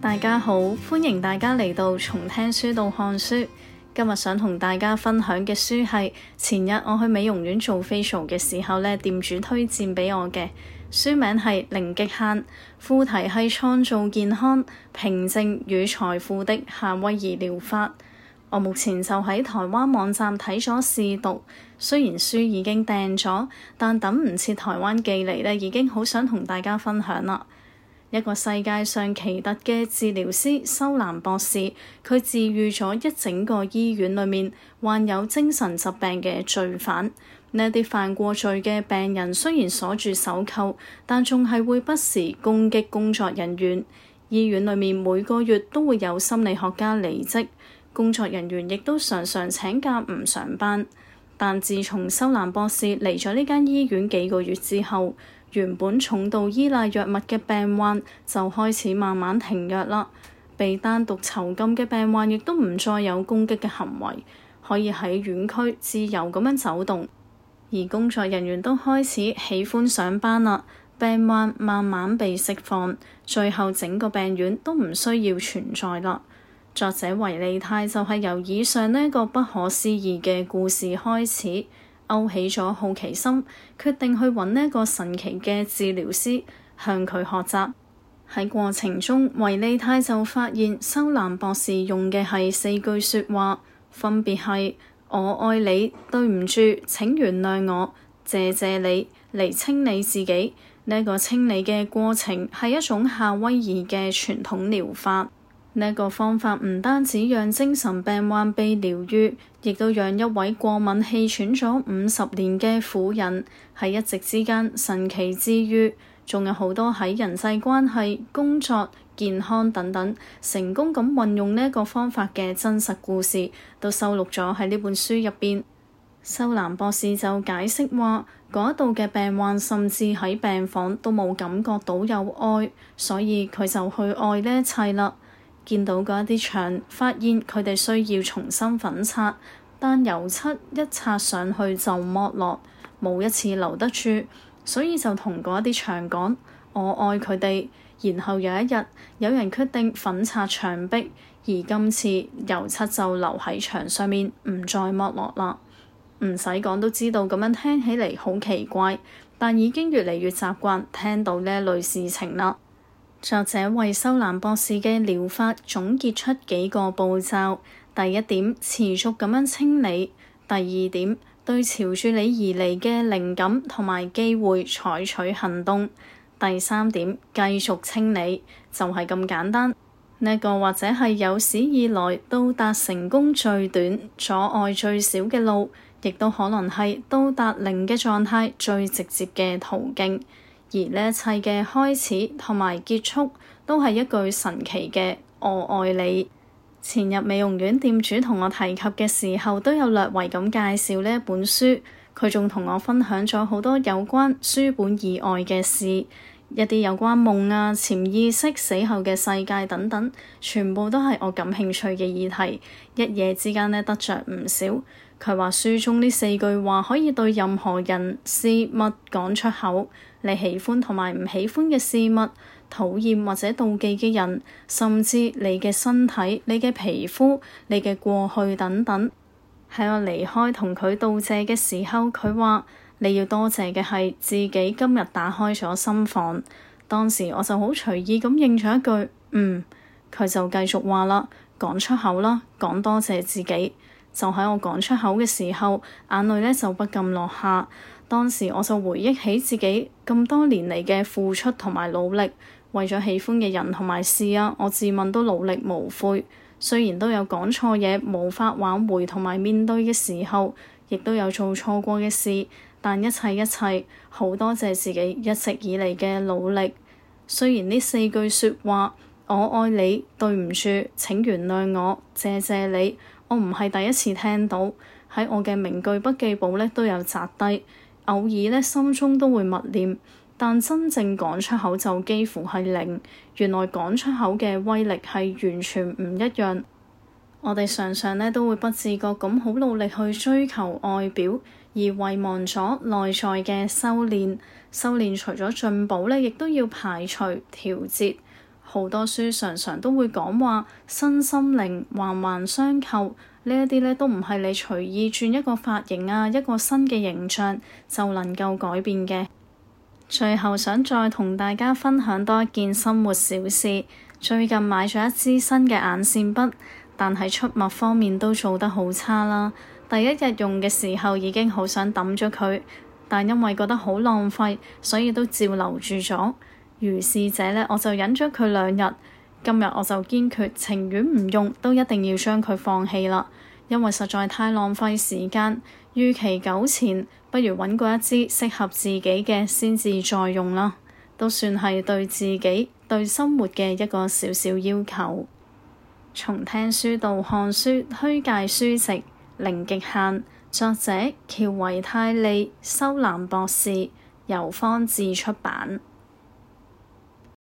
大家好，歡迎大家嚟到從聽書到看書。今日想同大家分享嘅書係前日我去美容院做 facial 嘅時候呢，店主推薦畀我嘅書名係《零極限》，副題係《創造健康、平靜與財富的夏威夷療法》。我目前就喺台灣網站睇咗試讀，雖然書已經訂咗，但等唔切台灣寄嚟呢，已經好想同大家分享啦。一個世界上奇特嘅治療師修藍博士，佢治愈咗一整個醫院裏面患有精神疾病嘅罪犯。呢啲犯過罪嘅病人雖然鎖住手銬，但仲係會不時攻擊工作人員。醫院裏面每個月都會有心理學家離職，工作人員亦都常常請假唔上班。但自從修蘭博士嚟咗呢間醫院幾個月之後，原本重度依賴藥物嘅病患就開始慢慢停藥啦。被單獨囚禁嘅病患亦都唔再有攻擊嘅行為，可以喺院區自由咁樣走動，而工作人員都開始喜歡上班啦。病患慢慢被釋放，最後整個病院都唔需要存在啦。作者維利泰就係由以上呢個不可思議嘅故事開始，勾起咗好奇心，決定去揾呢一個神奇嘅治療師向佢學習。喺過程中，維利泰就發現修藍博士用嘅係四句説話，分別係：我愛你、對唔住、請原諒我、謝謝你，嚟清理自己。呢個清理嘅過程係一種夏威夷嘅傳統療法。呢個方法唔單止讓精神病患被療愈，亦都讓一位過敏氣喘咗五十年嘅婦人喺一夕之間神奇治癒，仲有好多喺人際關係、工作、健康等等成功咁運用呢一個方法嘅真實故事都收錄咗喺呢本書入邊。修藍博士就解釋話，嗰度嘅病患甚至喺病房都冇感覺到有愛，所以佢就去愛呢一切啦。見到嗰一啲牆，發現佢哋需要重新粉刷，但油漆一刷上去就剝落，冇一次留得住，所以就同嗰一啲牆講：我愛佢哋。然後有一日，有人決定粉刷牆壁，而今次油漆就留喺牆上面，唔再剝落啦。唔使講都知道，咁樣聽起嚟好奇怪，但已經越嚟越習慣聽到呢類事情啦。作者為修藍博士嘅療法總結出幾個步驟：第一點，持續咁樣清理；第二點，對朝住你而嚟嘅靈感同埋機會採取行動；第三點，繼續清理，就係、是、咁簡單。呢、這個或者係有史以來到達成功最短、阻礙最少嘅路，亦都可能係到達零嘅狀態最直接嘅途徑。而呢一切嘅開始同埋結束，都係一句神奇嘅「我愛你」。前日美容院店主同我提及嘅時候，都有略為咁介紹呢一本書。佢仲同我分享咗好多有關書本以外嘅事。一啲有關夢啊、潛意識、死後嘅世界等等，全部都係我感興趣嘅議題。一夜之間咧，得着唔少。佢話書中呢四句話可以對任何人事物講出口。你喜歡同埋唔喜歡嘅事物，討厭或者妒忌嘅人，甚至你嘅身體、你嘅皮膚、你嘅過去等等。喺我離開同佢道謝嘅時候，佢話，你要多謝嘅係自己今日打開咗心房，當時我就好隨意咁應咗一句，嗯，佢就繼續話啦，講出口啦，講多謝自己。就喺我講出口嘅時候，眼淚咧就不禁落下。當時我就回憶起自己咁多年嚟嘅付出同埋努力，為咗喜歡嘅人同埋事啊，我自問都努力無悔。雖然都有講錯嘢，無法挽回同埋面對嘅時候，亦都有做錯過嘅事。但一切一切，好多謝自己一直以嚟嘅努力。雖然呢四句說話，我愛你、對唔住、請原諒我、謝謝你，我唔係第一次聽到，喺我嘅名句筆記簿咧都有摘低，偶爾咧心中都會默念，但真正講出口就幾乎係零。原來講出口嘅威力係完全唔一樣。我哋常常咧都會不自覺咁好努力去追求外表，而遺忘咗內在嘅修練。修練除咗進步咧，亦都要排除調節。好多書常常都會講話，身心靈環環相扣，呢一啲咧都唔係你隨意轉一個髮型啊，一個新嘅形象就能夠改變嘅。最後想再同大家分享多一件生活小事，最近買咗一支新嘅眼線筆。但係出物方面都做得好差啦。第一日用嘅時候已經好想抌咗佢，但因為覺得好浪費，所以都照留住咗。於是者呢，我就忍咗佢兩日。今日我就堅決，情願唔用都一定要將佢放棄啦，因為實在太浪費時間。與其糾纏，不如揾過一支適合自己嘅，先至再用啦。都算係對自己對生活嘅一個小小要求。從聽書到看書推介書籍零極限，作者喬維泰利修藍博士，由方智出版。